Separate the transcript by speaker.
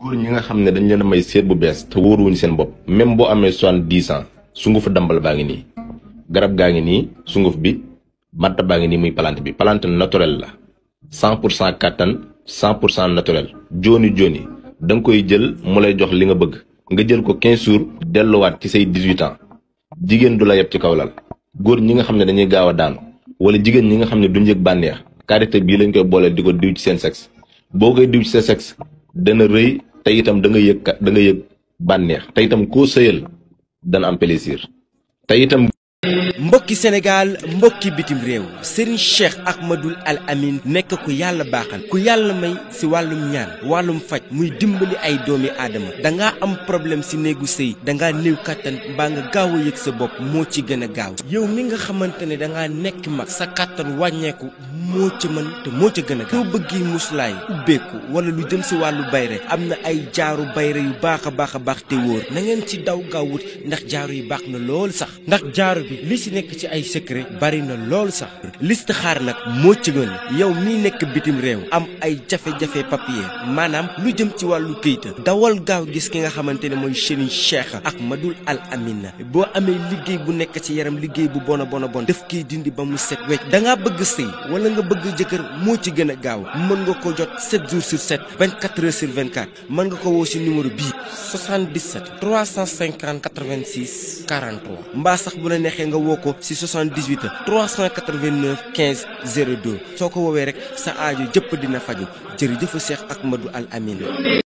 Speaker 1: góor ñi nga xam ne dañ leen a may seet bu bees te wóoruwuñ seen bopp même boo amee son dix ans sunguf dambal baa ngi nii garab gaa ngi nii sunguf bi matta baa ngi nii muy palante bi plante naturel la cent pour cent kattan cent pour cent naturel jooni jooni da nga koy jël mu lay jox li nga bëgg nga jël ko quinze jours delluwaat ci say dix-huit ans jigéen du la yeb ci kaw lal góor ñi nga xam ne dañuy gaaw a daanu wala jigéen ñi nga xam ne duñ yëg bànneex karité bii lañ koy booleel di ko diw ci seen sexe boo koy diw ci sa sexe dana rëy te itam da nga yëg da nga yëg bànneex te itam ko sëyal dana am plaisir te itam
Speaker 2: mbokki Senegal, mbokki bitim rew Serigne
Speaker 1: Cheikh Ahmadoul Al Amin
Speaker 2: nek ko yalla baxal ku yalla may ci walum ñaan walum fajj muy dimbali ay doomi da nga am problème si sey da nga new katan ba nga gaaw yek sa bop mo ci gëna gaaw yow mi nga xamantene da nga nek mak sa katan wañeku mo ci man te mo ci gëna gaaw wala lu jëm ci walu bayre amna ay jaaru bayre yu baax a bax te wóor na ngeen ci daw ndax jaaru yi lool sax ndax jaaru bi li si nekk ci ay secret bari na loolu sax list xaar nag moo ci gën yow mii nekk bitim réew am ay jafe-jafe papier maanaam lu jëm ci wàllu këyita dawal gaaw gis ki nga xamante ne mooy Serigne Cheikh ak Madul Al Amina boo amee liggéey bu nekk ci yaram liggéey bu bon a bon a bon def kiy dindi ba mu set wecc da bëgg sëy wala nga bëgg jëkkër moo ci gën a gaaw mën nga ko jot 7 jours sur 7 24 heures sur 24 mën nga ko woo si numéro bii 77 350 86 43 mbaa sax bu la neexee nga woo ko ci 78 389 15 02 soo ko woowee rek sa aajo jëpp dina faju jërëjëfu Cheikh Ahmadou Al Amin